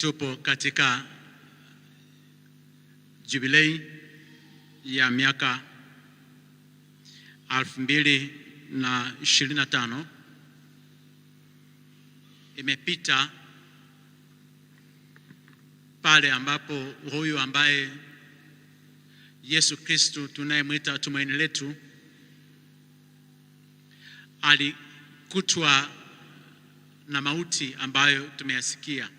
Tupo katika jubilei ya miaka elfu mbili na tano. Imepita pale ambapo huyu ambaye Yesu Kristo tunayemwita tumaini letu alikutwa na mauti ambayo tumeyasikia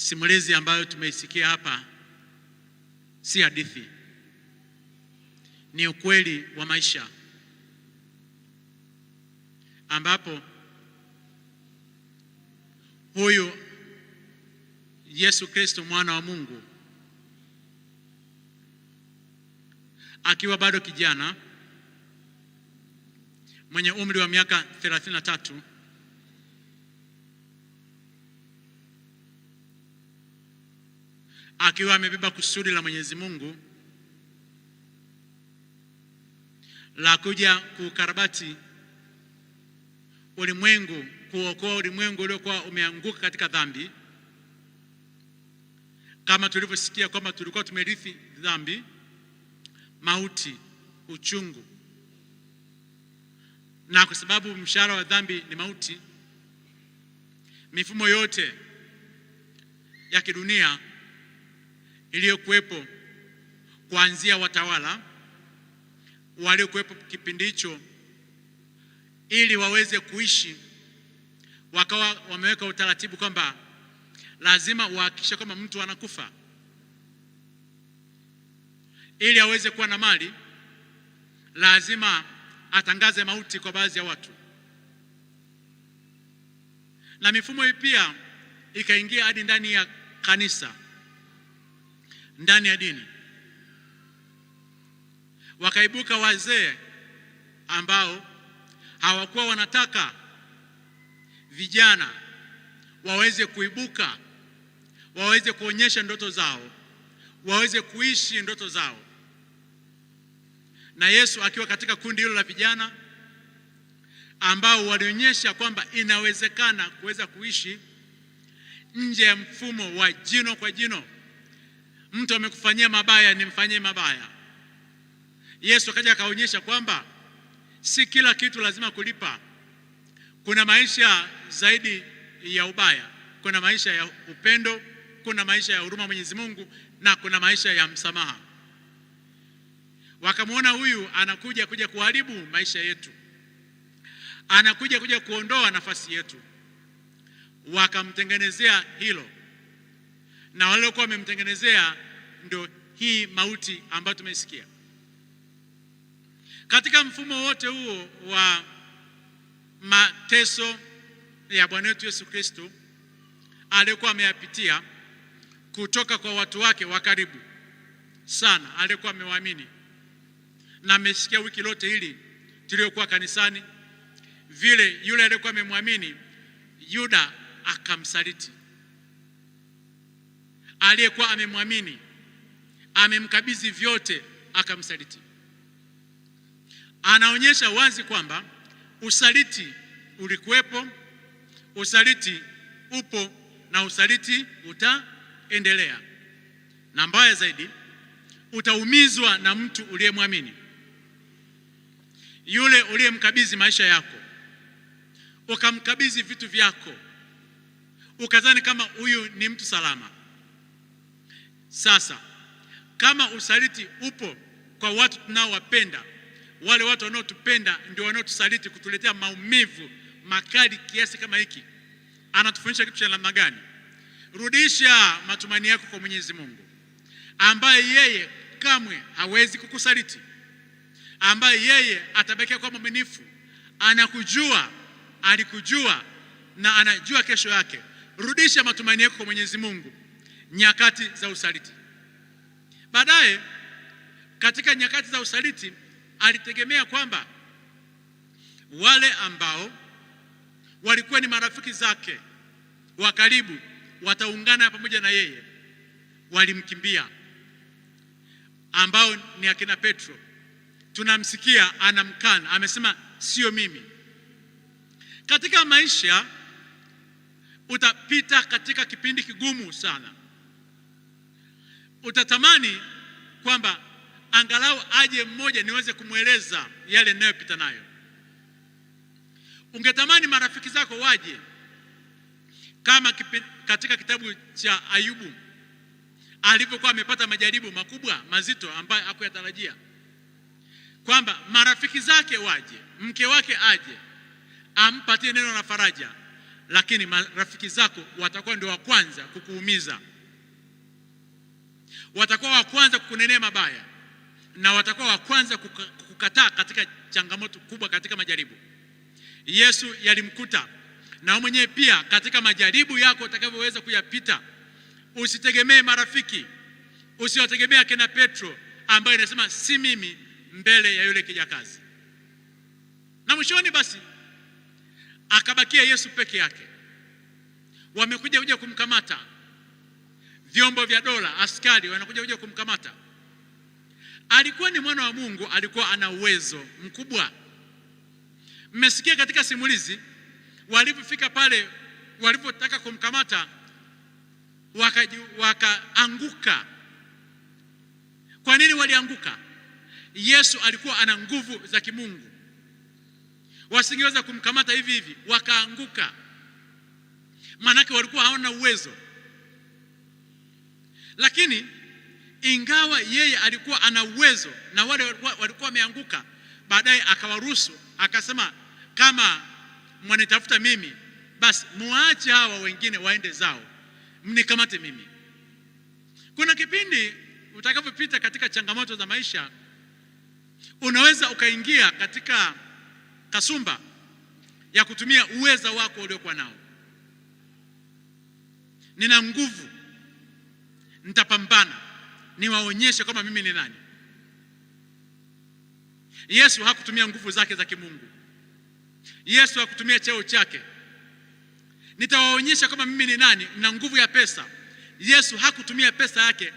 Simulizi ambayo tumeisikia hapa si hadithi, ni ukweli wa maisha, ambapo huyu Yesu Kristo mwana wa Mungu akiwa bado kijana mwenye umri wa miaka 33 akiwa amebeba kusudi la Mwenyezi Mungu la kuja kuukarabati ulimwengu, kuokoa ulimwengu uliokuwa umeanguka katika dhambi. Kama tulivyosikia kwamba tulikuwa tumerithi dhambi, mauti, uchungu, na kwa sababu mshahara wa dhambi ni mauti, mifumo yote ya kidunia iliyokuwepo kuanzia watawala waliokuwepo kipindi hicho, ili waweze kuishi, wakawa wameweka utaratibu kwamba lazima uhakikishe kwamba mtu anakufa ili aweze kuwa na mali, lazima atangaze mauti kwa baadhi ya watu, na mifumo hii pia ikaingia hadi ndani ya kanisa ndani ya dini. Wakaibuka wazee ambao hawakuwa wanataka vijana waweze kuibuka, waweze kuonyesha ndoto zao, waweze kuishi ndoto zao. Na Yesu akiwa katika kundi hilo la vijana ambao walionyesha kwamba inawezekana kuweza kuishi nje ya mfumo wa jino kwa jino, mtu amekufanyia mabaya, nimfanyie mabaya. Yesu akaja akaonyesha kwamba si kila kitu lazima kulipa. Kuna maisha zaidi ya ubaya, kuna maisha ya upendo, kuna maisha ya huruma Mwenyezi Mungu, na kuna maisha ya msamaha. Wakamwona huyu anakuja kuja kuharibu maisha yetu, anakuja kuja kuondoa nafasi yetu, wakamtengenezea hilo na waliokuwa wamemtengenezea ndio hii mauti ambayo tumesikia. Katika mfumo wote huo wa mateso ya Bwana wetu Yesu Kristo aliyekuwa ameyapitia kutoka kwa watu wake wa karibu sana, aliyekuwa amewaamini, na amesikia wiki lote hili tuliokuwa kanisani, vile yule aliyekuwa amemwamini Yuda akamsaliti aliyekuwa amemwamini amemkabidhi vyote akamsaliti. Anaonyesha wazi kwamba usaliti ulikuwepo, usaliti upo na usaliti utaendelea, na mbaya zaidi utaumizwa na mtu uliyemwamini, yule uliyemkabidhi maisha yako, ukamkabidhi vitu vyako, ukadhani kama huyu ni mtu salama sasa kama usaliti upo kwa watu tunaowapenda, wale watu wanaotupenda ndio wanaotusaliti kutuletea maumivu makali kiasi kama hiki, anatufundisha kitu cha namna gani? Rudisha matumaini yako kwa Mwenyezi Mungu ambaye yeye kamwe hawezi kukusaliti, ambaye yeye atabakia kwa mwaminifu. Anakujua, alikujua na anajua kesho yake. Rudisha matumaini yako kwa Mwenyezi Mungu nyakati za usaliti. Baadaye katika nyakati za usaliti alitegemea kwamba wale ambao walikuwa ni marafiki zake wa karibu wataungana pamoja na yeye, walimkimbia, ambao ni akina Petro. Tunamsikia anamkana, amesema sio mimi. Katika maisha utapita katika kipindi kigumu sana utatamani kwamba angalau aje mmoja niweze kumweleza yale ninayopita nayo. Ungetamani marafiki zako waje, kama katika kitabu cha Ayubu alivyokuwa amepata majaribu makubwa mazito ambayo hakuyatarajia, kwamba marafiki zake waje, mke wake aje, ampatie neno la faraja, lakini marafiki zako watakuwa ndio wa kwanza kukuumiza watakuwa wa kwanza kukunenea mabaya na watakuwa wa kwanza kukataa katika changamoto kubwa, katika majaribu. Yesu yalimkuta na mwenyewe pia, katika majaribu yako utakavyoweza kuyapita, usitegemee marafiki, usiwategemea kina Petro ambaye inasema si mimi mbele ya yule kijakazi. Na mwishoni basi akabakia Yesu peke yake, wamekuja kuja kumkamata vyombo vya dola, askari wanakuja kuja kumkamata. Alikuwa ni mwana wa Mungu, alikuwa ana uwezo mkubwa. Mmesikia katika simulizi, walipofika pale, walipotaka kumkamata wakaanguka, waka kwa nini walianguka? Yesu alikuwa ana nguvu za kimungu, wasingeweza kumkamata hivi hivi, wakaanguka, maanake walikuwa hawana uwezo. Lakini ingawa yeye alikuwa ana uwezo na wale walikuwa wameanguka, baadaye akawaruhusu, akasema kama mwanitafuta mimi, basi muache hawa wengine waende zao, mnikamate mimi. Kuna kipindi utakapopita katika changamoto za maisha, unaweza ukaingia katika kasumba ya kutumia uweza wako uliokuwa nao. Nina nguvu Nitapambana niwaonyeshe kwamba mimi ni nani. Yesu hakutumia nguvu zake za kimungu. Yesu hakutumia cheo chake. Nitawaonyesha kwamba mimi ni nani na nguvu ya pesa. Yesu hakutumia pesa yake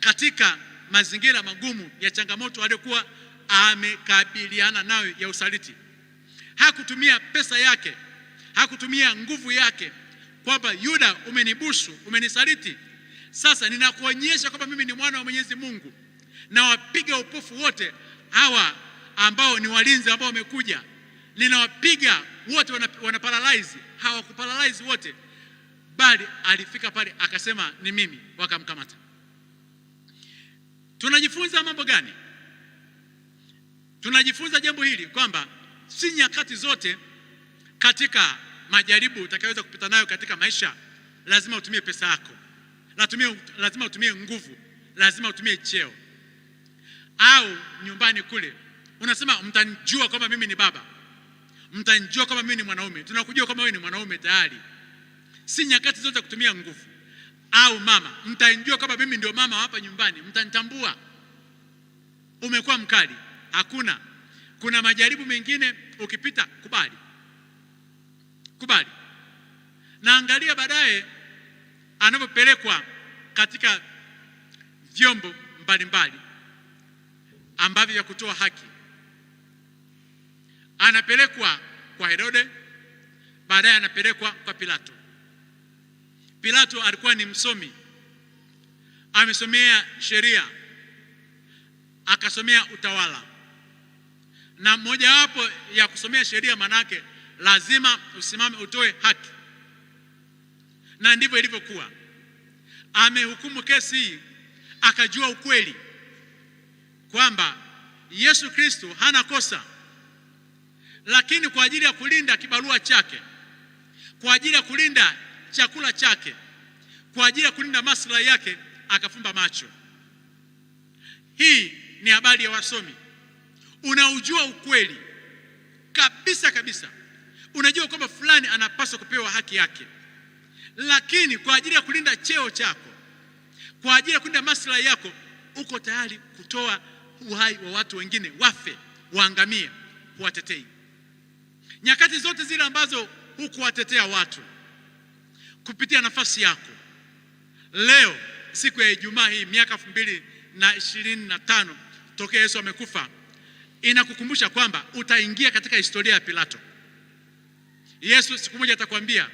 katika mazingira magumu ya changamoto aliyokuwa amekabiliana nayo ya usaliti. Hakutumia pesa yake, hakutumia nguvu yake kwamba Yuda, umenibusu, umenisaliti sasa ninakuonyesha kwamba mimi ni mwana wa Mwenyezi Mungu, nawapiga upofu wote hawa ambao ni walinzi ambao wamekuja, ninawapiga wote, wanaparalyze. Hawakuparalyze wote, bali alifika pale akasema ni mimi, wakamkamata. Tunajifunza mambo gani? Tunajifunza jambo hili kwamba si nyakati zote katika majaribu utakayoweza kupita nayo katika maisha lazima utumie pesa yako. Latumie, lazima utumie nguvu, lazima utumie cheo. Au nyumbani kule unasema mtanijua kwamba mimi ni baba, mtanijua kwamba mimi ni mwanaume. Tunakujua kwamba wewe ni mwanaume tayari, si nyakati zote za kutumia nguvu. Au mama, mtanijua kwamba mimi ndio mama hapa nyumbani, mtanitambua. Umekuwa mkali, hakuna. Kuna majaribu mengine ukipita, kubali, kubali, naangalia baadaye anapopelekwa katika vyombo mbalimbali ambavyo vya kutoa haki. Anapelekwa kwa Herode, baadaye anapelekwa kwa Pilato. Pilato alikuwa ni msomi, amesomea sheria, akasomea utawala, na mojawapo ya kusomea sheria, maanake lazima usimame utoe haki na ndivyo ilivyokuwa. Amehukumu kesi hii, akajua ukweli kwamba Yesu Kristo hana kosa, lakini kwa ajili ya kulinda kibarua chake, kwa ajili ya kulinda chakula chake, kwa ajili ya kulinda maslahi yake, akafumba macho. Hii ni habari ya wasomi. Unaujua ukweli kabisa kabisa, unajua kwamba fulani anapaswa kupewa haki yake lakini kwa ajili ya kulinda cheo chako, kwa ajili ya kulinda maslahi yako, uko tayari kutoa uhai wa watu wengine wafe, waangamie, huwatetei. Nyakati zote zile ambazo hukuwatetea watu kupitia nafasi yako, leo siku ya Ijumaa hii miaka elfu mbili na ishirini na tano tokea Yesu amekufa, inakukumbusha kwamba utaingia katika historia ya Pilato. Yesu siku moja atakwambia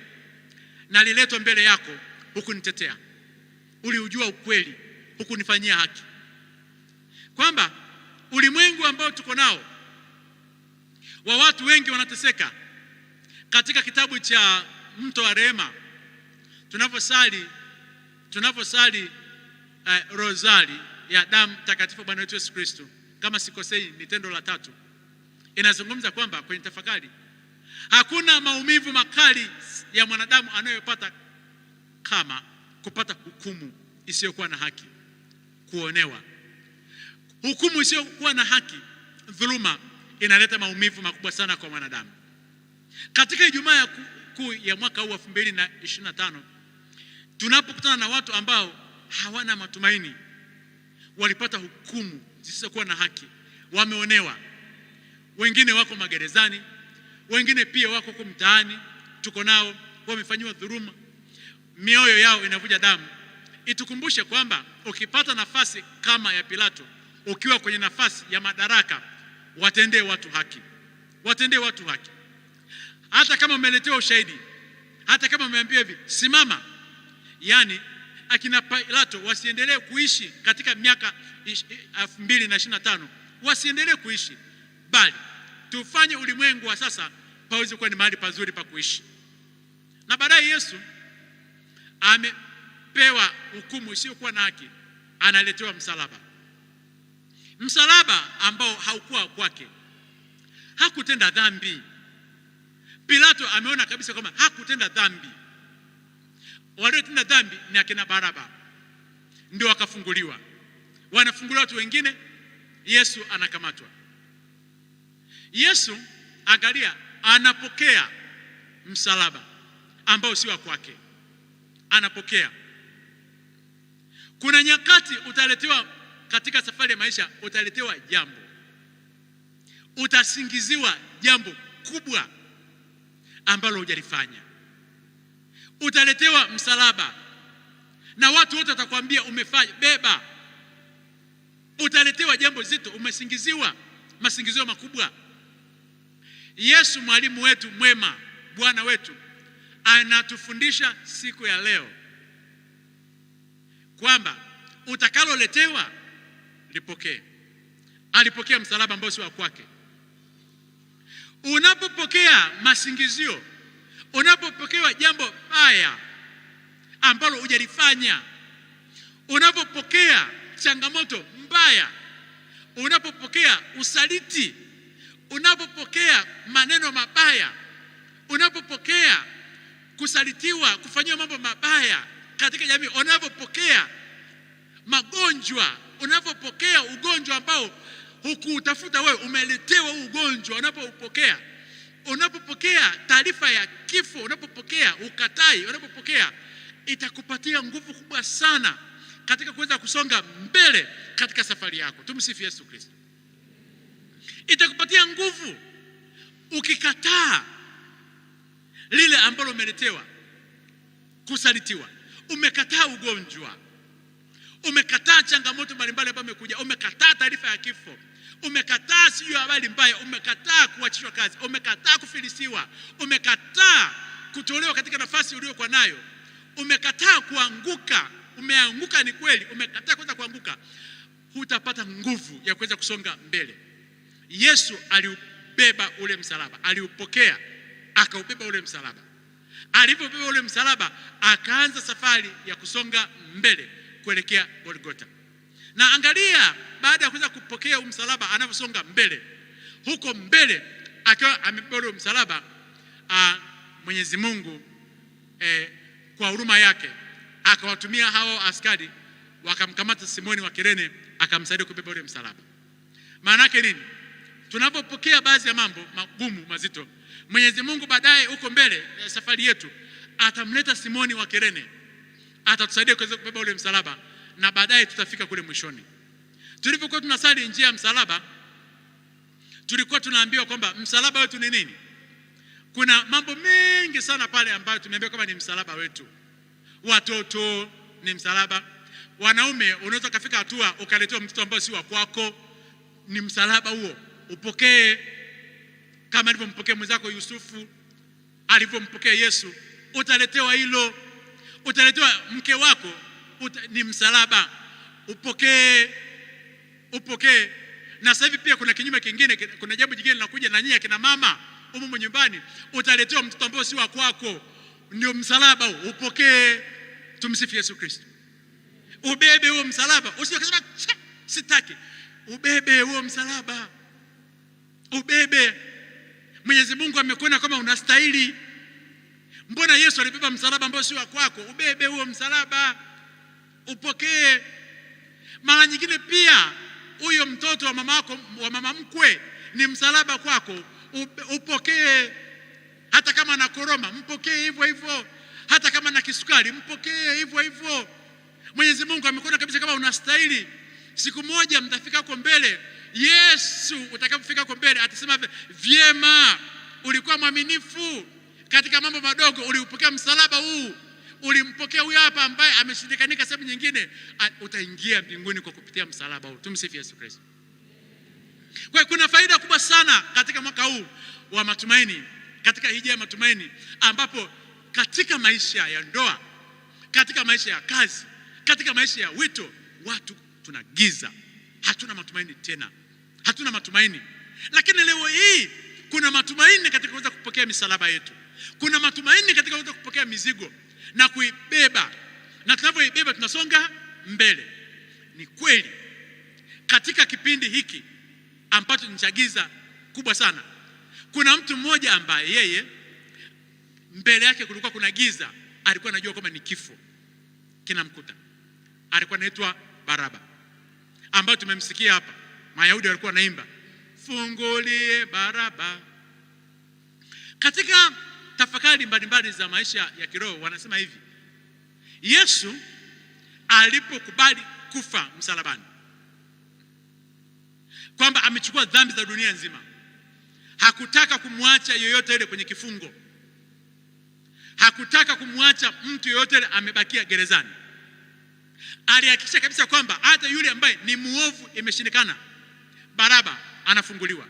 na liletwa mbele yako, hukunitetea. Uliujua ukweli, hukunifanyia haki, kwamba ulimwengu ambao tuko nao wa watu wengi wanateseka. Katika kitabu cha Mto wa Rehema tunaposali tunaposali eh, rozari ya damu takatifu Bwana wetu Yesu Kristo, kama sikosei, ni tendo la tatu, inazungumza kwamba kwenye tafakari Hakuna maumivu makali ya mwanadamu anayopata kama kupata hukumu isiyokuwa na haki, kuonewa. Hukumu isiyokuwa na haki, dhuluma, inaleta maumivu makubwa sana kwa mwanadamu. Katika Ijumaa ya kuu ya mwaka huu elfu mbili na ishirini na tano tunapokutana na watu ambao hawana matumaini, walipata hukumu zisizokuwa na haki, wameonewa, wengine wako magerezani wengine pia wako huko mtaani, tuko nao, wamefanyiwa dhuluma, mioyo yao inavuja damu. Itukumbushe kwamba ukipata nafasi kama ya Pilato, ukiwa kwenye nafasi ya madaraka, watendee watu haki, watendee watu haki. Hata kama umeletewa ushahidi, hata kama umeambiwa hivi, simama. Yani akina Pilato wasiendelee kuishi katika miaka 2025 wasiendelee kuishi bali tufanye ulimwengu wa sasa paweze kuwa ni mahali pazuri pa kuishi. Na baadaye Yesu amepewa hukumu isiyokuwa na haki, analetewa msalaba, msalaba ambao haukuwa kwake, hakutenda dhambi. Pilato ameona kabisa kwamba hakutenda dhambi, waliotenda dhambi ni akina Baraba, ndio wakafunguliwa. Wanafunguliwa watu wengine, Yesu anakamatwa. Yesu, angalia, anapokea msalaba ambao si wa kwake, anapokea. Kuna nyakati utaletewa katika safari ya maisha, utaletewa jambo, utasingiziwa jambo kubwa ambalo hujalifanya, utaletewa msalaba na watu wote watakwambia umefanya, beba. Utaletewa jambo zito, umesingiziwa masingizio makubwa. Yesu mwalimu wetu mwema, Bwana wetu anatufundisha siku ya leo kwamba utakaloletewa lipokee. Alipokea msalaba ambao si wa kwake. Unapopokea masingizio, unapopokea jambo baya ambalo hujalifanya, unapopokea changamoto mbaya, unapopokea usaliti Unapopokea maneno mabaya, unapopokea kusalitiwa, kufanyiwa mambo mabaya katika jamii, unapopokea magonjwa, unapopokea ugonjwa ambao hukutafuta wewe, umeletewa ugonjwa, unapopokea unapopokea taarifa ya kifo, unapopokea ukatai, unapopokea itakupatia nguvu kubwa sana katika kuweza kusonga mbele katika safari yako. Tumsifu Yesu Kristo itakupatia nguvu. Ukikataa lile ambalo umeletewa, kusalitiwa, umekataa ugonjwa, umekataa changamoto mbalimbali ambayo imekuja, umekataa taarifa ya kifo, umekataa sijui habari mbaya, umekataa kuachishwa kazi, umekataa kufilisiwa, umekataa kutolewa katika nafasi uliyokuwa nayo, umekataa kuanguka. Umeanguka ni kweli, umekataa kuweza kuanguka, hutapata nguvu ya kuweza kusonga mbele. Yesu aliubeba ule msalaba, aliupokea akaubeba ule msalaba. Alipobeba ule msalaba, akaanza safari ya kusonga mbele kuelekea Golgotha. Na angalia, baada ya kuweza kupokea msalaba, anavyosonga mbele, huko mbele akiwa amebeba msalaba, Mwenyezi Mungu eh, kwa huruma yake akawatumia hao askari wakamkamata Simoni wa Kirene akamsaidia kubeba ule msalaba. Maana yake nini? tunapopokea baadhi ya mambo magumu mazito, Mwenyezi Mungu baadaye huko mbele ya safari yetu atamleta Simoni wa Kirene, atatusaidia kuweza kubeba ule msalaba, na baadaye tutafika kule mwishoni. Tulipokuwa tunasali njia ya msalaba, tulikuwa tunaambiwa kwamba msalaba wetu ni nini. Kuna mambo mengi sana pale ambayo tumeambiwa kwamba ni msalaba wetu. Watoto ni msalaba, wanaume unaweza kafika hatua ukaletewa mtoto ambayo si wa kwako, ni msalaba huo upokee kama alivyompokea mwenzako Yusufu, alivyompokea Yesu. Utaletewa hilo, utaletewa mke wako uta, ni msalaba, upokee, upokee. Na sasa hivi pia kuna kinyume kingine, kuna jambo jingine linakuja na nyinyi akina mama umumu nyumbani, utaletewa mtoto ambao si wa kwako, ndio msalaba, upokee. Tumsifu Yesu Kristo. Ubebe huo msalaba, usikaza sitaki, ubebe huo msalaba ubebe. Mwenyezi Mungu amekuona kama unastahili. Mbona Yesu alibeba msalaba ambao sio kwako? Ubebe huo msalaba, upokee. Mara nyingine pia huyo mtoto wa mama wako, wa mama mkwe ni msalaba kwako, upokee. Hata kama na koroma, mpokee hivyo hivyo. Hata kama na kisukari, mpokee hivyo hivyo. Mwenyezi Mungu amekuona kabisa kama unastahili. Siku moja mtafika huko mbele Yesu utakapofika kwa mbele atasema vyema, ulikuwa mwaminifu katika mambo madogo, uliupokea msalaba huu, ulimpokea huyo hapa ambaye ameshindikanika sehemu nyingine, utaingia mbinguni kwa kupitia msalaba huu. Tumsifu Yesu Kristo. Kwa kuna faida kubwa sana katika mwaka huu wa matumaini, katika hija ya matumaini, ambapo katika maisha ya ndoa, katika maisha ya kazi, katika maisha ya wito, watu tuna giza hatuna matumaini tena, hatuna matumaini. Lakini leo hii kuna matumaini katika kuweza kupokea misalaba yetu, kuna matumaini katika kuweza kupokea mizigo na kuibeba, na tunavyoibeba tunasonga mbele. Ni kweli katika kipindi hiki ambacho ni cha giza kubwa sana, kuna mtu mmoja ambaye yeye mbele yake kulikuwa kuna giza, alikuwa anajua kwamba ni kifo kinamkuta. Alikuwa anaitwa Baraba ambayo tumemsikia hapa. Mayahudi walikuwa wanaimba fungulie baraba. Katika tafakari mbalimbali za maisha ya kiroho, wanasema hivi, Yesu alipokubali kufa msalabani, kwamba amechukua dhambi za dunia nzima, hakutaka kumwacha yoyote ile kwenye kifungo, hakutaka kumwacha mtu yoyote yule amebakia gerezani. Alihakikisha kabisa kwamba hata yule ambaye ni muovu imeshindikana, Baraba anafunguliwa.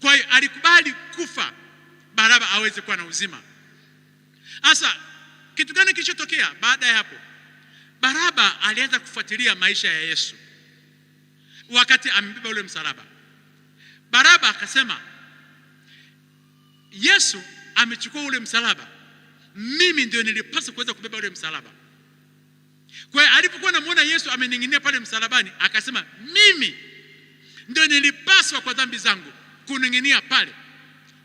Kwa hiyo alikubali kufa Baraba aweze kuwa na uzima. Sasa kitu gani kilichotokea baada ya hapo? Baraba alianza kufuatilia maisha ya Yesu wakati amebeba ule msalaba. Baraba akasema, Yesu amechukua ule msalaba, mimi ndio nilipaswa kuweza kubeba ule msalaba. Kwa hiyo alipokuwa namwona Yesu amening'inia pale msalabani, akasema mimi ndio nilipaswa kwa dhambi zangu kuning'inia pale,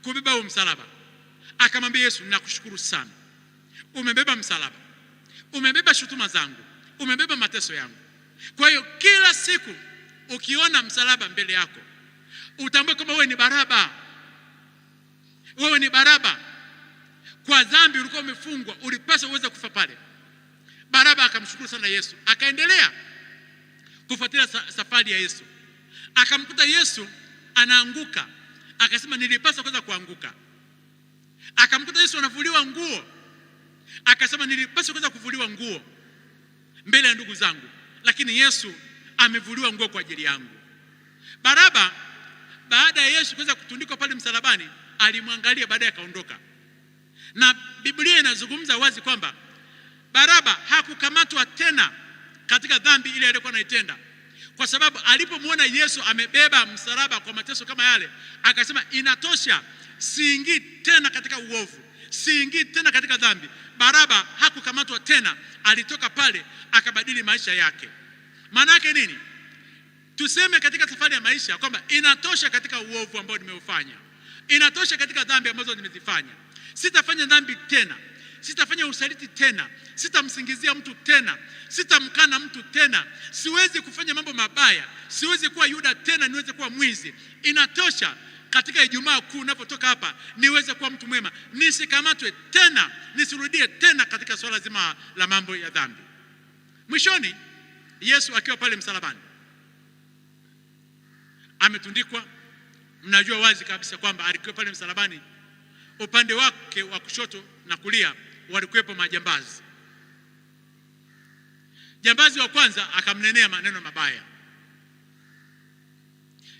kubeba huo msalaba. Akamwambia Yesu, nakushukuru sana, umebeba msalaba, umebeba shutuma zangu, umebeba mateso yangu. Kwa hiyo kila siku ukiona msalaba mbele yako, utambue kwamba wewe ni Baraba, wewe ni Baraba. Kwa dhambi ulikuwa umefungwa, ulipaswa uweze kufa pale. Baraba akamshukuru sana Yesu, akaendelea kufuatilia safari ya Yesu, akamkuta Yesu anaanguka, akasema nilipaswa kwanza kuanguka. Akamkuta Yesu anavuliwa nguo, akasema nilipaswa kwanza kuvuliwa nguo mbele ya ndugu zangu, lakini Yesu amevuliwa nguo kwa ajili yangu. Baraba baada ya Yesu kuweza kutundikwa pale msalabani, alimwangalia baadaye akaondoka, na Biblia inazungumza wazi kwamba Baraba hakukamatwa tena katika dhambi ile aliyokuwa anaitenda, kwa sababu alipomwona Yesu amebeba msalaba kwa mateso kama yale, akasema inatosha, siingii tena katika uovu, siingii tena katika dhambi. Baraba hakukamatwa tena, alitoka pale akabadili maisha yake. Maana yake nini? Tuseme katika safari ya maisha kwamba inatosha katika uovu ambao nimeufanya, inatosha katika dhambi ambazo nimezifanya, sitafanya dhambi tena sitafanya usaliti tena, sitamsingizia mtu tena, sitamkana mtu tena, siwezi kufanya mambo mabaya, siwezi kuwa Yuda tena, niweze kuwa mwizi. Inatosha katika Ijumaa Kuu napotoka hapa niweze kuwa mtu mwema, nisikamatwe tena, nisirudie tena katika swala zima la mambo ya dhambi. Mwishoni, Yesu akiwa pale msalabani ametundikwa, mnajua wazi kabisa kwamba alikuwa pale msalabani, upande wake wa kushoto na kulia walikuwepo majambazi. Jambazi wa kwanza akamnenea maneno mabaya,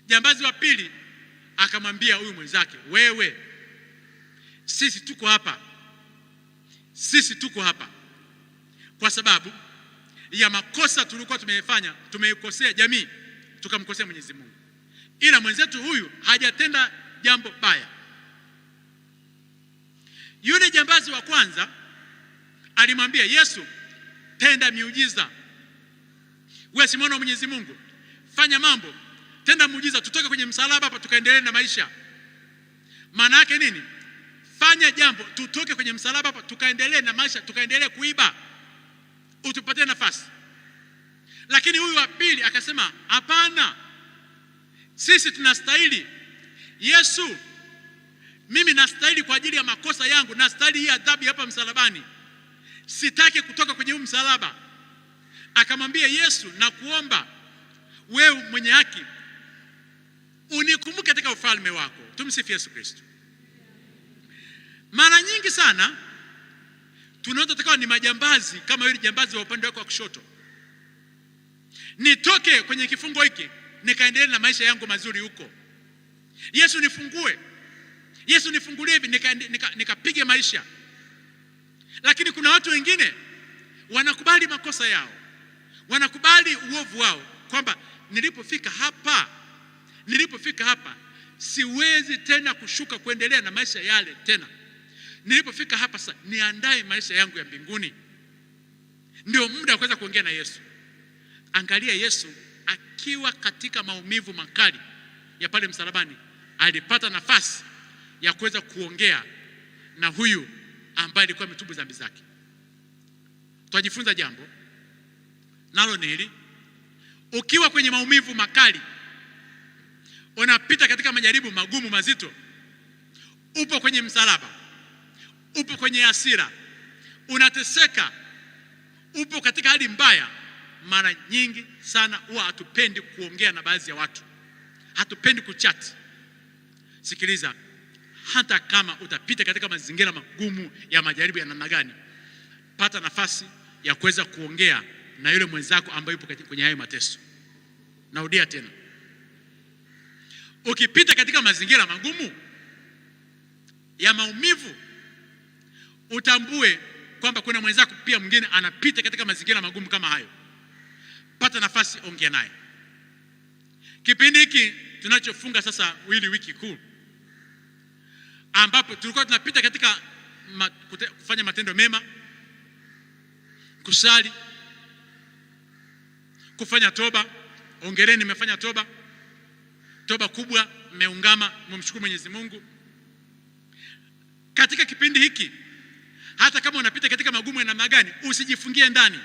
jambazi wa pili akamwambia huyu mwenzake, wewe, sisi tuko hapa, sisi tuko hapa kwa sababu ya makosa tulikuwa tumefanya, tumeikosea jamii, tukamkosea Mwenyezi Mungu, ila mwenzetu huyu hajatenda jambo baya yule jambazi wa kwanza alimwambia Yesu, tenda miujiza, wewe si mwana wa Mwenyezi Mungu, fanya mambo, tenda muujiza, tutoke kwenye msalaba hapa tukaendelee na maisha. Maana yake nini? Fanya jambo, tutoke kwenye msalaba hapa tukaendelee na maisha, tukaendelee kuiba, utupatie nafasi. Lakini huyu wa pili akasema, hapana, sisi tunastahili Yesu mimi nastahili kwa ajili ya makosa yangu, nastahili hii adhabu hapa msalabani, sitaki kutoka kwenye huu msalaba. Akamwambia Yesu, nakuomba wewe mwenye haki unikumbuke katika ufalme wako. Tumsifu Yesu Kristo. Mara nyingi sana tunaona tukawa ni majambazi kama yule jambazi wa upande wako wa kushoto. Nitoke kwenye kifungo hiki nikaendelee na maisha yangu mazuri huko. Yesu nifungue. Yesu nifungulie hivi, nikapiga nika, nika maisha. Lakini kuna watu wengine wanakubali makosa yao, wanakubali uovu wao, kwamba nilipofika hapa, nilipofika hapa siwezi tena kushuka kuendelea na maisha yale tena. Nilipofika hapa sasa, niandae maisha yangu ya mbinguni. Ndio muda wa kuweza kuongea na Yesu. Angalia Yesu akiwa katika maumivu makali ya pale msalabani, alipata nafasi ya kuweza kuongea na huyu ambaye alikuwa ametubu dhambi zake. Twajifunza jambo nalo ni hili: ukiwa kwenye maumivu makali, unapita katika majaribu magumu mazito, upo kwenye msalaba, upo kwenye hasira, unateseka, upo katika hali mbaya, mara nyingi sana huwa hatupendi kuongea na baadhi ya watu, hatupendi kuchati. Sikiliza hata kama utapita katika mazingira magumu ya majaribu ya namna gani, pata nafasi ya kuweza kuongea na yule mwenzako ambaye yupo kwenye hayo mateso. Narudia tena, ukipita katika mazingira magumu ya maumivu, utambue kwamba kuna mwenzako pia mwingine anapita katika mazingira magumu kama hayo. Pata nafasi, ongea naye. Kipindi hiki tunachofunga sasa, wili wiki kuu ambapo tulikuwa tunapita katika ma, kute, kufanya matendo mema, kusali, kufanya toba. Ongereni, mmefanya toba, toba kubwa, mmeungama, mumshukuru Mwenyezi Mungu katika kipindi hiki. Hata kama unapita katika magumu ya namna gani, usijifungie ndani,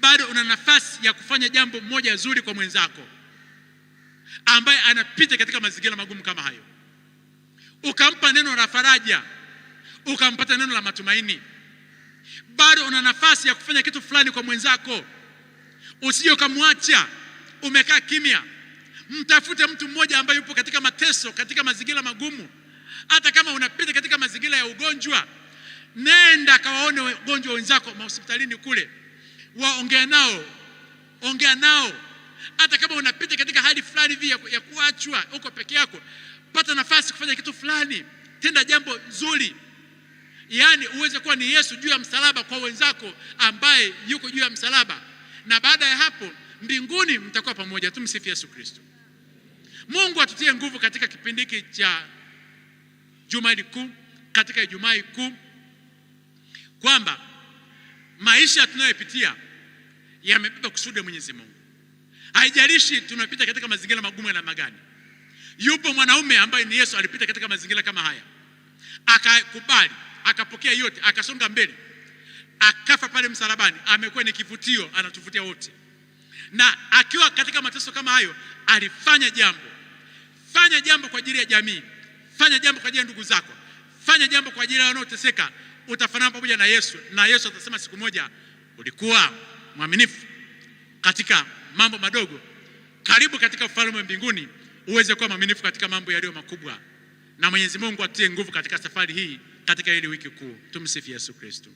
bado una nafasi ya kufanya jambo moja zuri kwa mwenzako ambaye anapita katika mazingira magumu kama hayo ukampa neno la faraja, ukampata neno la matumaini. Bado una nafasi ya kufanya kitu fulani kwa mwenzako, usije ukamwacha umekaa kimya. Mtafute mtu mmoja ambaye yupo katika mateso, katika mazingira magumu, hata kama unapita katika mazingira ya ugonjwa, nenda kawaone wagonjwa wenzako mahospitalini kule, waongea nao, ongea nao. Hata kama unapita katika hali fulani hivi ya kuachwa, uko peke yako pata nafasi kufanya kitu fulani, tenda jambo zuri, yaani uweze kuwa ni Yesu juu ya msalaba kwa wenzako ambaye yuko juu ya msalaba, na baada ya hapo mbinguni mtakuwa pamoja. Tumsifu Yesu Kristo. Mungu atutie nguvu katika kipindi hiki cha Juma hili kuu, katika Ijumaa kuu, kwamba maisha tunayopitia yamebeba kusudi ya Mwenyezi Mungu. Haijalishi tunapita katika mazingira magumu na magani Yupo mwanaume ambaye ni Yesu alipita katika mazingira kama haya, akakubali, akapokea yote, akasonga mbele, akafa pale msalabani. Amekuwa ni kivutio, anatuvutia wote, na akiwa katika mateso kama hayo alifanya jambo. Fanya jambo kwa ajili ya jamii, fanya jambo kwa ajili ya ndugu zako, fanya jambo kwa ajili ya wanaoteseka. Utafanana pamoja na Yesu, na Yesu atasema siku moja, ulikuwa mwaminifu katika mambo madogo, karibu katika ufalme wa mbinguni uweze kuwa mwaminifu katika mambo yaliyo makubwa, na Mwenyezi Mungu atie nguvu katika safari hii, katika hili wiki kuu. Tumsifu Yesu Kristo.